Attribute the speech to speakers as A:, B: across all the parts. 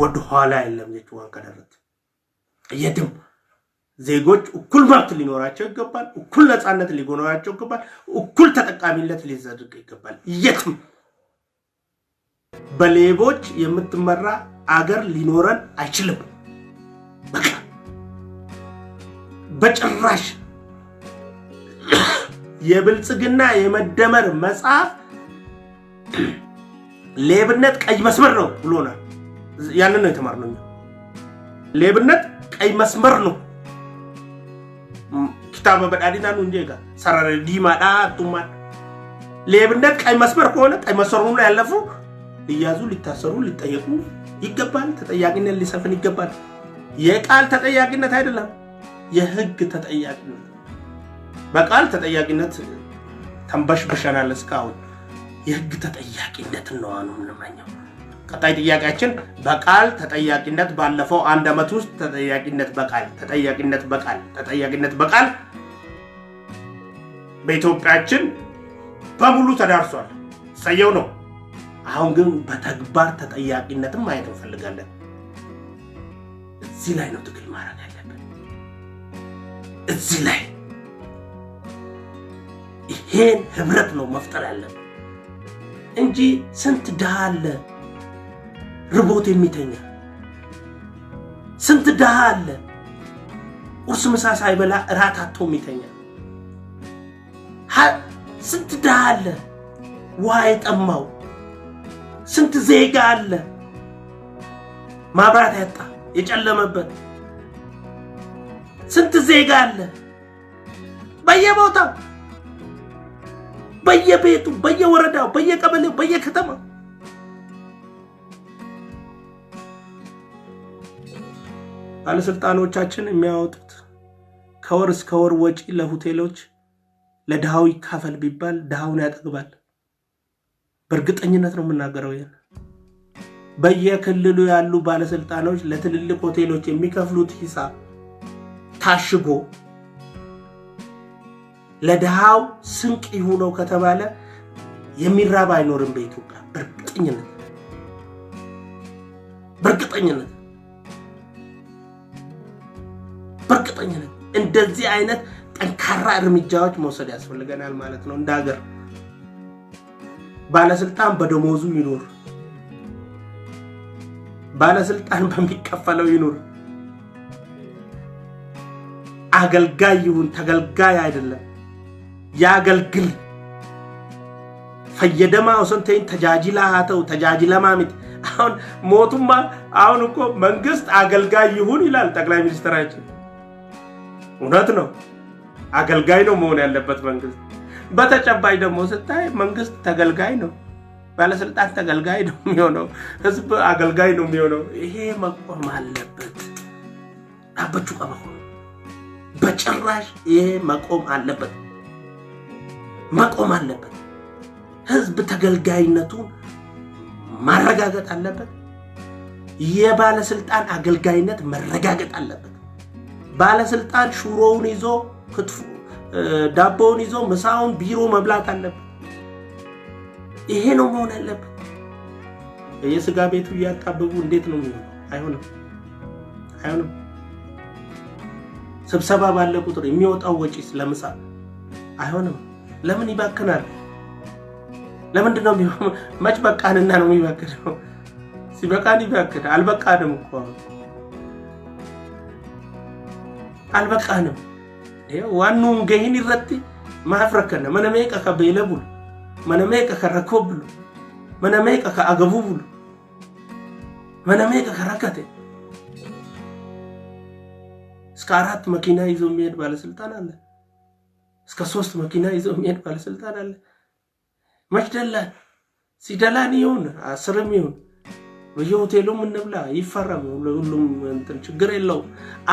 A: ወደኋላ የለም የችዋን ከደረት የትም ዜጎች እኩል መብት ሊኖራቸው ይገባል። እኩል ነፃነት ሊኖራቸው ይገባል። እኩል ተጠቃሚነት ሊዘድቅ ይገባል። የትም በሌቦች የምትመራ አገር ሊኖረን አይችልም። በቃ በጭራሽ የብልጽግና የመደመር መጽሐፍ ሌብነት ቀይ መስመር ነው ብሎናል። ያንን ነው የተማርነው እኛ። ሌብነት ቀይ መስመር ነው። ኪታበ በዳዲና ነው እንጂ ጋ ሰራረ ዲማዳ ቱማ ሌብነት ቀይ መስመር ከሆነ ቀይ መስመር ላይ ያለፉ ሊያዙ፣ ሊታሰሩ፣ ሊጠየቁ ይገባል። ተጠያቂነት ሊሰፍን ይገባል። የቃል ተጠያቂነት አይደለም፣ የህግ ተጠያቂነት። በቃል ተጠያቂነት ተንበሽብሸናል እስካሁን የህግ ተጠያቂነት ነው አሁን የምንመኘው። ቀጣይ ጥያቄያችን በቃል ተጠያቂነት ባለፈው አንድ ዓመት ውስጥ ተጠያቂነት በቃል ተጠያቂነት በቃል ተጠያቂነት በቃል በኢትዮጵያችን በሙሉ ተዳርሷል። ሰየው ነው። አሁን ግን በተግባር ተጠያቂነትን ማየት እንፈልጋለን። እዚህ ላይ ነው ትግል ማድረግ ያለብን። እዚህ ላይ ይሄን ህብረት ነው መፍጠር ያለብን እንጂ ስንት ድሃ አለ ርቦት የሚተኛ ስንት ድሃ አለ ቁርስ ምሳ ሳይበላ እራት አጥቶ የሚተኛ ስንት ድሃ አለ ውሃ የጠማው ስንት ዜጋ አለ ማብራት ያጣ የጨለመበት ስንት ዜጋ አለ በየቦታው በየቤቱ በየወረዳው በየቀበሌው በየከተማው ባለሥልጣኖቻችን የሚያወጡት ከወር እስከ ወር ወጪ ለሆቴሎች ለድሃው ይካፈል ቢባል ድሃውን ያጠግባል። በእርግጠኝነት ነው የምናገረው። ይህን በየክልሉ ያሉ ባለሥልጣኖች ለትልልቅ ሆቴሎች የሚከፍሉት ሂሳብ ታሽጎ ለድሃው ስንቅ ይሁነው ከተባለ የሚራብ አይኖርም በኢትዮጵያ በእርግጠኝነት በእርግጠኝነት በእርግጠኝነት እንደዚህ አይነት ጠንካራ እርምጃዎች መውሰድ ያስፈልገናል ማለት ነው። እንደ ሀገር ባለስልጣን በደሞዙ ይኑር፣ ባለስልጣን በሚከፈለው ይኑር። አገልጋይ ይሁን ተገልጋይ አይደለም። ያገልግል ፈየደማ ወሰንተይን ተጃጅላ ሀተው ተጃጅላ ማሚት አሁን ሞቱማ አሁን እኮ መንግስት አገልጋይ ይሁን ይላል ጠቅላይ ሚኒስትራችን። እውነት ነው። አገልጋይ ነው መሆን ያለበት መንግስት። በተጨባጭ ደግሞ ስታይ መንግስት ተገልጋይ ነው፣ ባለስልጣን ተገልጋይ ነው የሚሆነው፣ ህዝብ አገልጋይ ነው የሚሆነው። ይሄ መቆም አለበት። አበቹ ቀበሆ በጭራሽ ይሄ መቆም አለበት፣ መቆም አለበት። ህዝብ ተገልጋይነቱን ማረጋገጥ አለበት። የባለስልጣን አገልጋይነት መረጋገጥ አለበት። ባለስልጣን ሹሮውን ይዞ ዳቦውን ይዞ ምሳውን ቢሮ መብላት አለበት። ይሄ ነው መሆን ያለበት። የስጋ ቤቱ እያጣበቡ እንዴት ነው የሚሆነው? አይሆንም፣ አይሆንም። ስብሰባ ባለ ቁጥር የሚወጣው ወጪ ለምሳ አይሆንም። ለምን ይባክናል? ለምንድን ነው መች በቃንና ነው የሚባክነው? ሲበቃን ይባክን፣ አልበቃንም እኮ አልበቃንም ዋኑም ገሂን ይረቲ ማፍ ረከነ መነሜ ቀከ ቤለ ብሉ መነሜ ቀከ ረኮ ብሉ መነሜ ቀከ አገቡ ብሉ መነሜ ቀከ እስከ አራት መኪና ይዞ የሚሄድ ባለስልጣን አለ። እስከ ሶስት መኪና ይዞ የሚሄድ ባለስልጣን አለ። መች ደላን ሲደላን ይሁን አስርም ይሁን በየሆቴሉም እንብላ ይፈረም ሁሉም እንትን ችግር የለውም።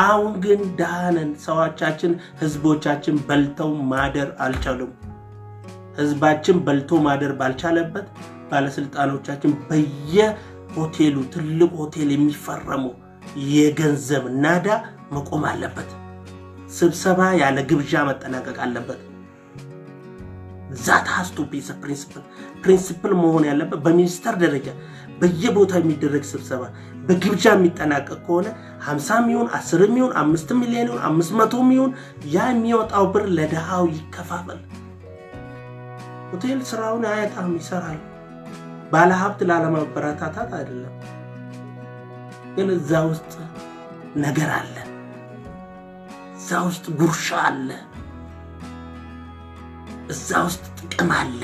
A: አሁን ግን ዳነን። ሰዎቻችን ህዝቦቻችን በልተው ማደር አልቻሉም። ህዝባችን በልቶ ማደር ባልቻለበት ባለስልጣኖቻችን በየሆቴሉ ትልቅ ሆቴል የሚፈረመው የገንዘብ ናዳ መቆም አለበት። ስብሰባ ያለ ግብዣ መጠናቀቅ አለበት። ዛት ሀስቱ ፕሪንስፕል መሆን ያለበት በሚኒስተር ደረጃ በየቦታው የሚደረግ ስብሰባ በግብዣ የሚጠናቀቅ ከሆነ 50 ሚሆን 10 ሚሆን 5 ሚሊዮን ይሁን 500 ሚሆን ያ የሚወጣው ብር ለድሃው ይከፋፈል። ሆቴል ስራውን አያጣም፣ ይሰራል። ባለሀብት ላለማበረታታት አይደለም፣ ግን እዛ ውስጥ ነገር አለ፣ እዛ ውስጥ ጉርሻ አለ፣ እዛ ውስጥ ጥቅም አለ።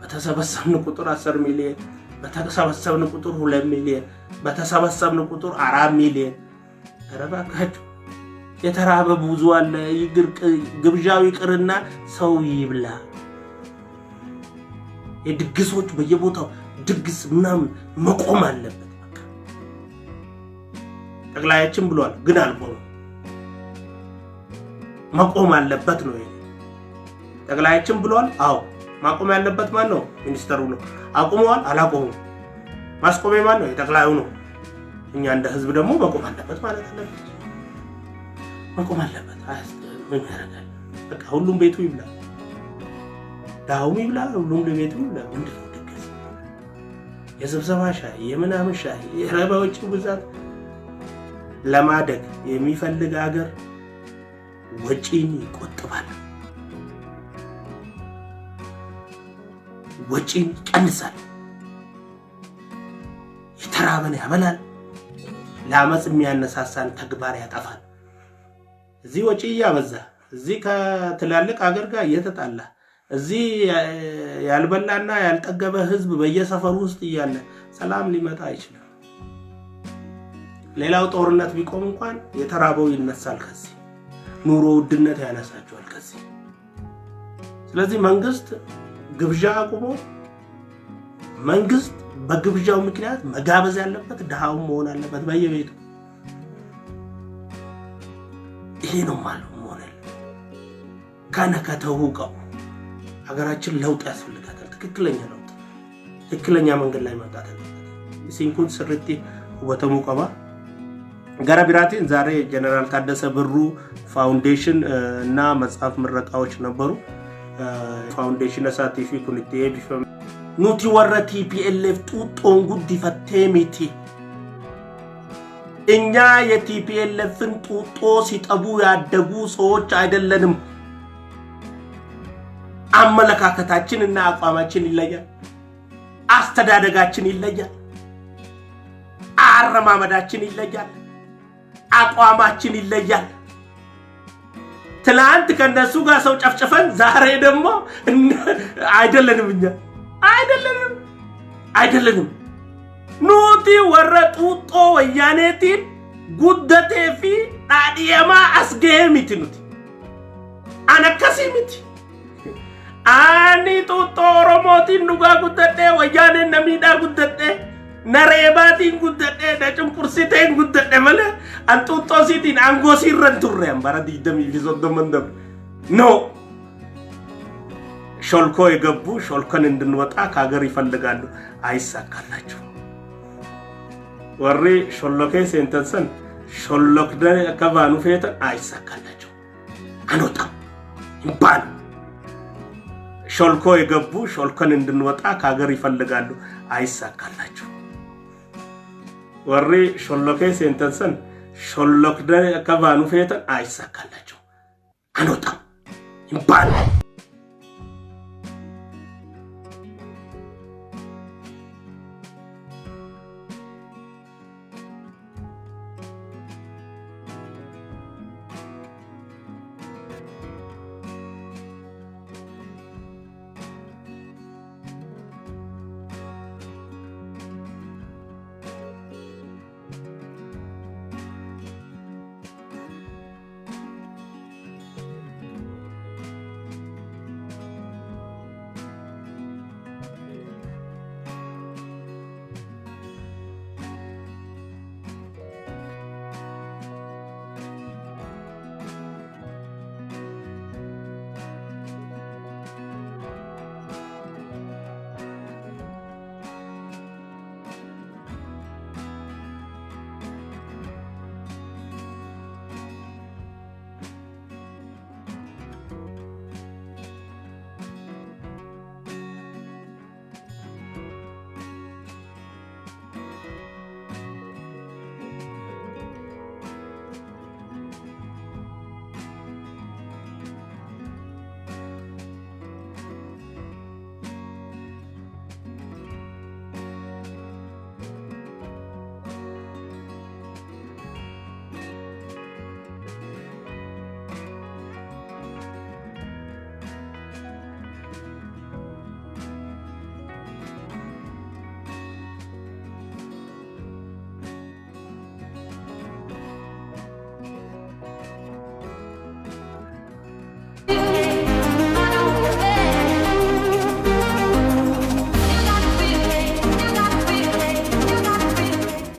A: በተሰበሰብን ቁጥር 10 ሚሊዮን በተሰበሰብን ቁጥር ሁለት ሚሊዮን በተሰበሰብን ቁጥር አራት ሚሊዮን። ኧረ የተራበ ብዙ አለ። ግብዣው ይቅርና ሰው ይብላ። የድግሶች በየቦታው ድግስ ምናምን መቆም አለበት። ጠቅላያችን ብሏል፣ ግን አልቆም መቆም አለበት ነው ጠቅላያችን ብሏል። አዎ ማቆም ያለበት ማን ነው? ሚኒስተሩ ነው። አቁመዋል አላቆሙም። ማስቆም የማን ነው? የጠቅላዩ ነው። እኛ እንደ ህዝብ ደግሞ መቆም አለበት ማለት አለበት፣ መቆም አለበት። ምን ያደርጋል? በቃ ሁሉም ቤቱ ይብላ፣ ድሀውም ይብላ፣ ሁሉም ቤቱ ይብላ። ምንድን ነው ድግስ? የስብሰባ ሻይ፣ የምናምን ሻይ፣ የረባ ብዛት ለማደግ የሚፈልግ ሀገር ወጪን ይቆጥባል። ወጪን ይቀንሳል። የተራበን ያበላል። ለአመፅ የሚያነሳሳን ተግባር ያጠፋል። እዚህ ወጪ እያበዛ እዚህ ከትላልቅ አገር ጋር እየተጣላ እዚህ ያልበላና ያልጠገበ ህዝብ በየሰፈሩ ውስጥ እያለ ሰላም ሊመጣ አይችልም። ሌላው ጦርነት ቢቆም እንኳን የተራበው ይነሳል። ከዚህ ኑሮ ውድነት ያነሳቸዋል። ከዚህ ስለዚህ መንግስት ግብዣ አቁሞ መንግስት በግብዣው ምክንያት መጋበዝ ያለበት ድሃው መሆን አለበት በየቤቱ። ይሄ ነው ማለት መሆን ከነ ከተውቀው ሀገራችን ለውጥ ያስፈልጋታል። ትክክለኛ ለውጥ ትክክለኛ መንገድ ላይ መምጣት አለበት። ሲንኩን ስርቲ ውበተሙ ቀባ ጋራ ቢራቴን ዛሬ ጀነራል ታደሰ ብሩ ፋውንዴሽን እና መጽሐፍ ምረቃዎች ነበሩ። faawundeeshina isaatii fi kun itti eebbifame. Nuti warra TPLF xuuxxoon guddifattee miti. እኛ የቲፒኤልኤፍን ጡጦ ሲጠቡ ያደጉ ሰዎች አይደለንም። አመለካከታችን እና አቋማችን ይለያል። አስተዳደጋችን ይለያል። አረማመዳችን ይለያል። አቋማችን ይለያል። ትላንት ከነሱ ጋር ሰው ጨፍጭፈን ዛሬ ደግሞ አይደለንም፣ እኛ አይደለንም፣ አይደለንም። ኑቲ ወረ ጡጦ ወያኔቲን ጉደቴ ፊ አስገሄ ሚቲ ኑቲ አነከሲ ሚቲ አኒ ጡጦ ኦሮሞቲን ኑጋ ጉደጤ ወያኔ ነሚዳ ጉደጤ nareebaatiin guddadhe da cunqursiteen guddadhe malee anxuuxoosiitiin aangoo siirran turre hambara digdamii fi soddoman dabre no ሾልኮ የገቡ ሾልኮን እንድንወጣ ከሀገር ይፈልጋሉ። አይሳካላችሁ። ወሪ ሾሎኬ ሴንተንሰን ሾሎክደ ከባኑ ፌተን አይሳካላችሁ። አንወጣም ይባሉ ሾልኮ የገቡ ሾልኮን እንድንወጣ ከሀገር ይፈልጋሉ። አይሳካላችሁ። warri shollokee seentan san shollokdee akka baanu feetan aayisakkallaቸው አንወጣም ይባላል።